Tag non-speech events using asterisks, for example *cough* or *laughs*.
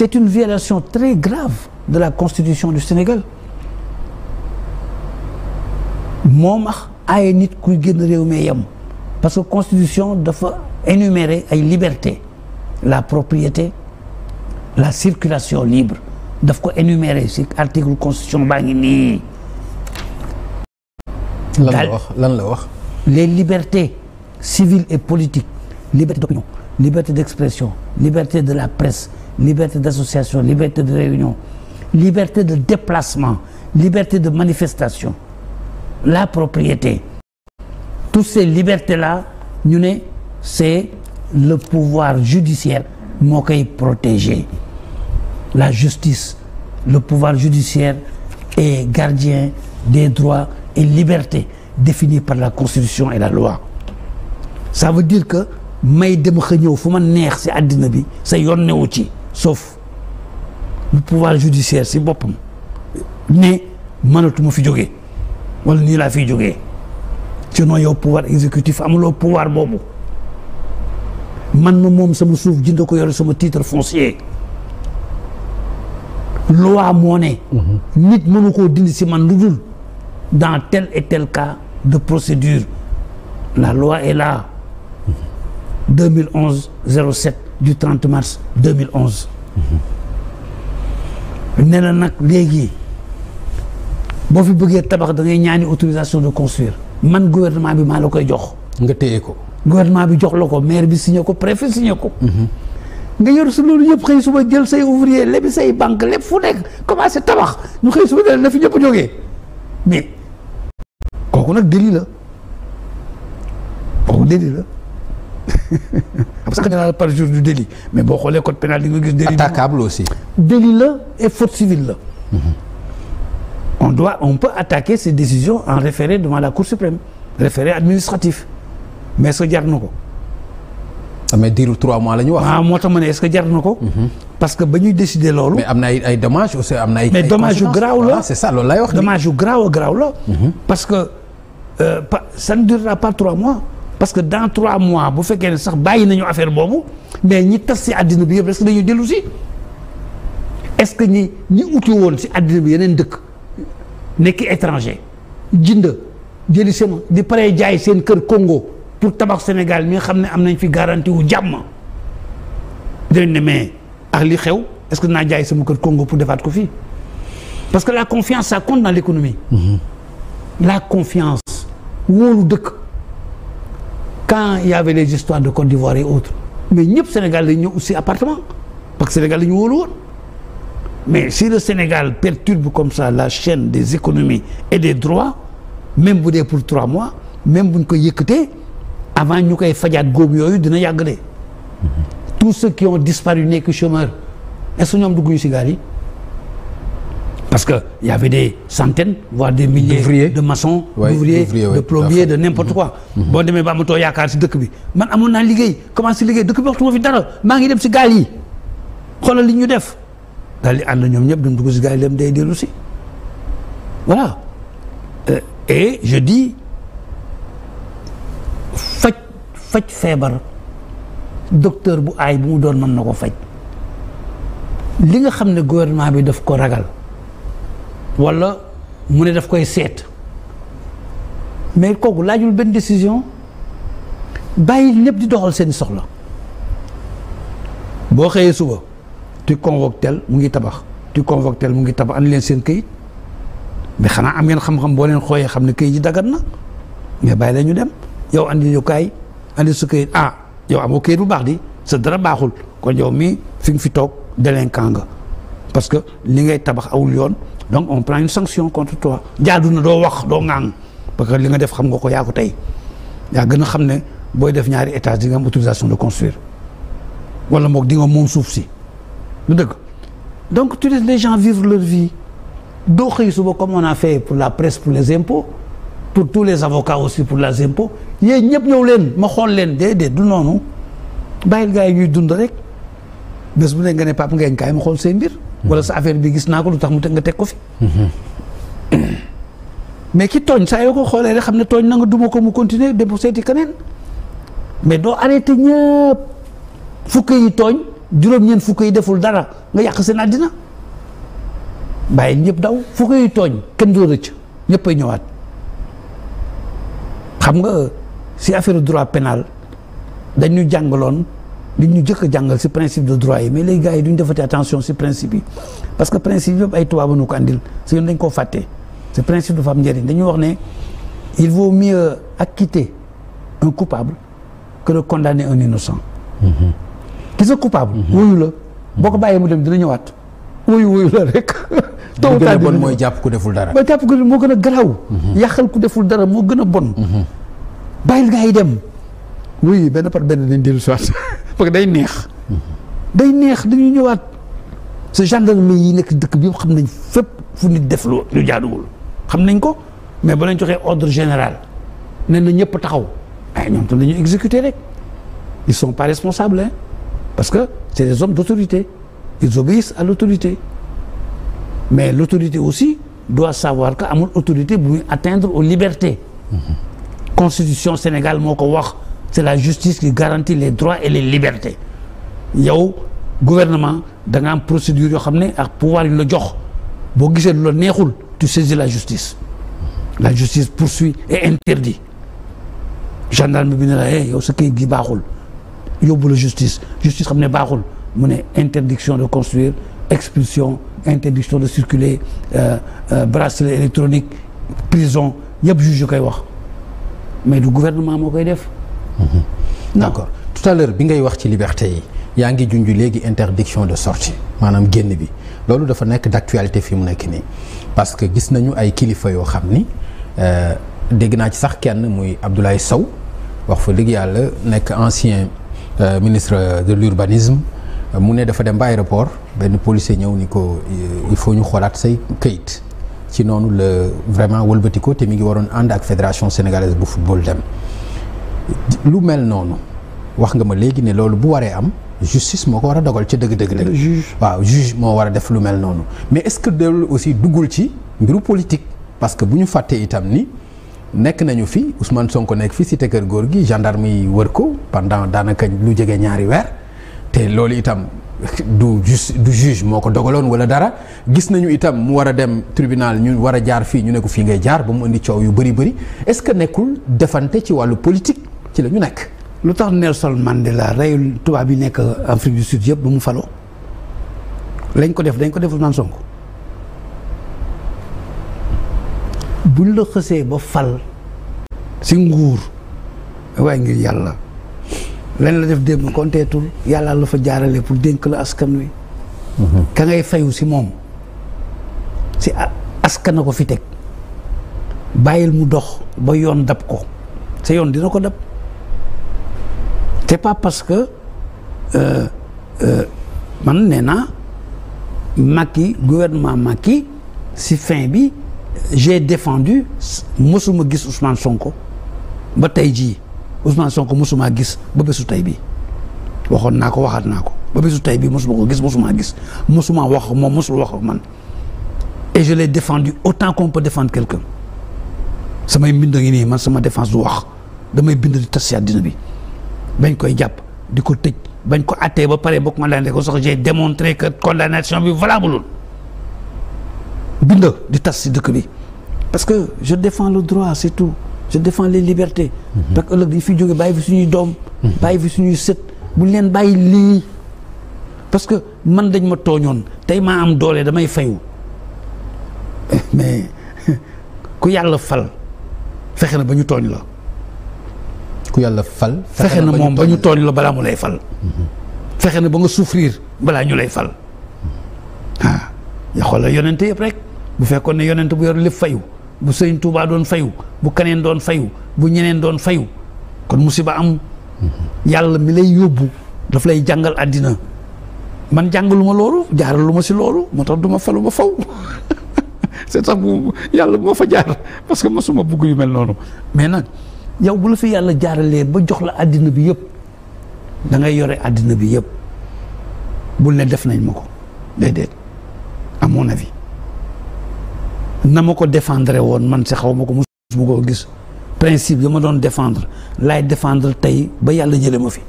c'est une violation très grave de la constitution du Sénégal moom ax ay nit kuy génn réew mi yem parce que constitution dafa énumérer ay liberté la propriété la circulation libre def ko énumérer ci article constitution baa ngi nii lan la wax lan les libertés civiles et politique liberté d'opinion liberté d'expression liberté de la presse liberté d'association liberté de réunion liberté de déplacement liberté de manifestation la propriété toutes ces libertés la ñu ne c'est le pouvoir judiciaire moo koy protéger la justice le pouvoir judiciaire est gardien des droits et libertés définis par la constitution et la loi ça veut dire que may dem xa ñëw fu ma neex si àddina bi sa yoon newu ci sof le pouvoir judiciaire si boppam ne mënatuma fi jóge wala nii laa fiy jógee sinon yow pouvoir exécutif amuloo pouvoir boobu man ma moom sama suuf jënd ko yore sama tiitre foncier loi moo ne mhm. nit mënu koo dindi si man lu dul dans tel et tel cas de procédure la loi est là 2011 mhm. du 30 mars 2011. ne la nag léegi boo fi bëggee tabax da ngay ñaani autorisation de construire man gouvernement bi maa la koy jox. nga téye ko. gouvernement bi jox la ko maire bi signé ko préfet signé ko. nga yor su loolu yëpp xëy suba jël say ouvrier lebi say banque lépp fu nekk commencé tabax ñu xëy suba dal na fi ñëpp jógee mais kooku nag déli la kooku déli la. Ah, parce que général par jour du mais boo xoolee code pénal di nga gis. délit attaquable aussi. délit la et faute la. Mhm. on doit on peut attaquer ces décisions en référé devant la cour suprême référé mais est-ce na ko. Ah, mais diiru trois mois la ñu wax. ah moo ma jar na ko. Mhm. parce que ba ñuy décider loolu. mais am na ay ay dommages aussi am na ay. mais yu garaaw la ah, c'est ça loolu lay wax. dommage yu garaaw garaaw la. Mhm. parce que euh, pa ça ne durera pas trois mois. parce que dans trois mois bu fekkee ne sax bàyyi nañu affaire boobu mais ñi tas si àddina bi yëpp est-ce que dañuy ce que ñi ñi uti woon si àddina bi yeneen dëkk nekk étranger jënd jëli sema di paree jaay seen kër Congo pour tabax Sénégal mi nga xam ne am nañ fi garantie wu jàmm dinañ ne mais ak li xew est que naa jaay sama kër Congo pour defaat ko fii parce que la confiance ça compte dans l'économie. Mm-hmm. la confiance wóolu dëkk. quand il y avait les de Côte d'Ivoire et autres mais ñëpp Sénégal dañu ñëw aussi appartement parce que Sénégal dañu wóolu woon mais si le Sénégal perturbe comme ça la chaîne des économies et des droits même bu dee pour trois mois même bu ñu ko yëkkatee avant ñu koy fajaat góob yooyu dina yàgg de mm-hmm. tous ceux qui ont disparu nekk chômeurs est-ce que ñoom dugg ñu si gaal yi parce que y avait des centaines voire des milliers de maçons d'ouvriers de plombiers de n'importe mhm. quoi mhm. boo demee ba amatoo yaakaar si dëkk bi man amoon naa liggéey commencé liggéey dëkk bi waxtuma fi dara maa ngi dem si gaal yi xoolal li ñu def daal di ànd ñoom ñëpp dem dugg si gaal yi dem day dellu si voilà euh, et je dis faj faj feebar docteur bu aay bu mu doon mën na ko faj li nga xam ne gouvernement bi daf ko ragal wala mu ne def koy seet mais kooku laajul benn décision bàyyi lépp di doxal seen soxla boo xëyee suba tu convoque mu ngi tabax tu convoque mu ngi tabax andi leen seen këyit mais xanaa am ngeen xam-xam boo leen xooyee xam ne këyit yi dagat na mais bàyyi la ñu dem yow andi ñu kaay andi su këyit ah yow amoo këyit bu baax di sa dara baaxul kon yow mii fi nga fi toog délinquant nga parce que li ngay tabax awul yoon donc on prend une sanction contre toi jaadu na doo wax doo ŋaang parce que li nga def xam nga ko yaako tey yaa gën a xam ne booy def ñaari étage di nga am de construire wala moog di moom suuf si lu dëgg donc tu les gens vivre leur vie doo xëy suba comme on a fait pour la presse pour les impôts pour tous les avocats aussi pour la impôts yéen ñëpp ñëw leen ma xool leen déedéet du noonu bàyyil gars yi ñuy dund rek bés bu ne nga ne Pape Ngagne kaay ma xool mbir wala sa affaire bi gis naa ko lu tax mu teg nga teg ko fi. Mm-hmm. mais ki tooñ saa yoo ko xoolee rek xam ne tooñ na nga duma ko mu continuer dem seeti keneen mais doo arrêté ñëpp fukk yi tooñ juróom-ñeent fukk yi deful dara nga yàq seen àddina bàyyi ñëpp daw fukk yi tooñ kenn doo rëcc ñëpp ay ñëwaat xam nga si affaire droit pénal dañu jàngaloon. li ñu jëkk a jàngal si principe de droit yi mais léegi yi duñ defati attention si principe yi parce que principe yëpp ay tubaab nu ko andil si dañ koo fàtte ce principe dafa am njëriñ dañuy wax ne il vaut mieux acquitter un coupable que de condamner un innocent mm-hmm. ki sa coupable mm-hmm. wóoyu boo ko bàyyee mu dem dina ñëwaat wóoyu wóoyu la rek taw *laughs* gën a bon mooy jàpp ku deful dara ba jàpp ku moo gën a garaaw mm-hmm. yàqal ku deful dara moo gën a bon bàyyil gars yi dem oui benn par benn dañ dellu si waat *laughs* parce que day neex. day neex dañuy ñëwaat. sa gendarme yi nekk dëkk bi xam nañ fépp fu nit def lu lu jaaduwul xam nañ ko mais ba lañ joxee ordre général neen na ñëpp taxaw ay ah, ñoom tam dañuy exécuter rek ils sont pas responsables parce que c'est des hommes d'autorité ils obéissent à l'autorité mais l'autorité aussi doit savoir que amul autorité bu muy atteindre aux libertés mm-hmm. constitution Sénégal moo ko wax c'est la justice qui garantit les droits et les libertés yow gouvernement da nga am procédure yoo xam ne ak pouvoir yu la jox boo gisee lu neexul tu saisis la justice la justice poursuit et interdit gendarme bi ne la eh yow sa kayit gi baaxul yóbbu la justice justice xam ne baaxul mu ne interdiction de construire expulsion interdiction de circuler euh, euh, bracelet électronique prison yëpp juge koy wax mais du gouvernement moo koy def Mhm. d'accord tout à l'heure bi ngay wax ci liberté yi yaa ngi junj léegi interdiction de sorti maanaam génn bi loolu dafa nekk d'actualité fi mu nekk nii parce que gis nañu ay kilifa yoo xam ni euh, dégg naa ci sax kenn muy Abdoulaye Sow wax fa dëgg yàlla nekk ancien euh, ministre de l'urbanisme mu ne dafa dem ba aéroport benn policier ñëw ni ko il faut ñu xoolaat say kayit ci noonu la vraiment wëlbati ko te mi ngi waroon ànd ak fédération sénégalaise bu football dem. lu mel noonu wax nga ma léegi ne loolu bu waree am justice moo ko war a dogal ca dëgg dëgg dëgg waaw juge moo war a def lu mel noonu mais est-ce que loolu aussi duggul ci mbiru politique parce que bu ñu fàttee itam ni nekk nañu fi Ousmane ko nekk fi te kër góor gi gendarme yi wër ko pendant daanaka lu jege ñaari weer te loolu itam du ju du juge moo ko dogaloon wala dara gis nañu itam mu war a dem tribunal ñu war a jaar fii ñu ne ko fii ngay jaar ba mu indi coow yu bëri bëri ci la ñu nekk. lu tax Nelson Mandela reyul tubaab yi nekk Afrique du Sud yëpp ba mu falo lañ ko def dañ ko def Ousmane ko buñ la xësee ba fal si nguur waaye ngir yàlla lañ la def démb konteetul yàlla la fa jaarale pour dénk la askan wi. Mhm. ka ngay fayu si moom si askan ko fi teg bàyyil mu dox ba yoon dab ko sa yoon dina ko dab. c'est pas parce que euh, euh, man nee naa Macky gouvernement maki si fin bi j'ai défendu mosuma gis Ousmane Sonko ba tey jii Ousmane Sonko mosuma gis ba bésu tey bi waxoon naa ko waxaat naa ko ba bésu tey bi mosuma gis mosuma gis mosuma wax moom mosul wax man et je l'ai défendu autant qu'on peut défendre quelqu'un samay mbind ngi nii man sama défense du wax damay bind di tas si bi bañ koy jàpp di ko tëj bañ ko attee ba pare ba condamné ko sax j'ai démontré que condamnation bi valable bind di tas si dëkk bi parce que je défends le droit surtout tout je défends les libertés mhm. parce que ëllëg yi fi jóge bàyyi fi suñuy doom mhm. bàyyi fi suñuy sët buñ leen bàyyi lii parce que man dañ ma tooñoon tey maa am doole damay fayu *laughs* mais *laughs* ku yàlla fal fexe na ba ñu tooñ la ku yàlla fal. fexe na moom ba ñu tooñ la balaa mu lay fal. Mm-hmm. fexe na ba nga souffrir balaa ñu lay fal. Mm-hmm. ah ya xoolal yonent yëpp rek bu fekkoon ne yonent bu yor lépp fayu bu sëñ tuubaa doon fayu bu kaneen doon fayu bu ñeneen doon fayu kon musiba am. Mm-hmm. yàlla mi lay yóbbu daf lay jàngal àddina man jàngaluma loolu ma si loolu moo tax duma falu ba faw *laughs* c'est sax bu yàlla moo fa jaar parce que masuma bugg yu mel noonu mais nag. yow bu la fi yàlla jaaralee ba jox la àddina bi yëpp da ngay yore àddina bi yëpp bul ne def nañ ma ko déedéet à mon avis na ma ko défendre woon man si xaw ma ko mos mu ko gis principe ya ma doon défendre laay défendre tey ba yàlla jëlee ma fi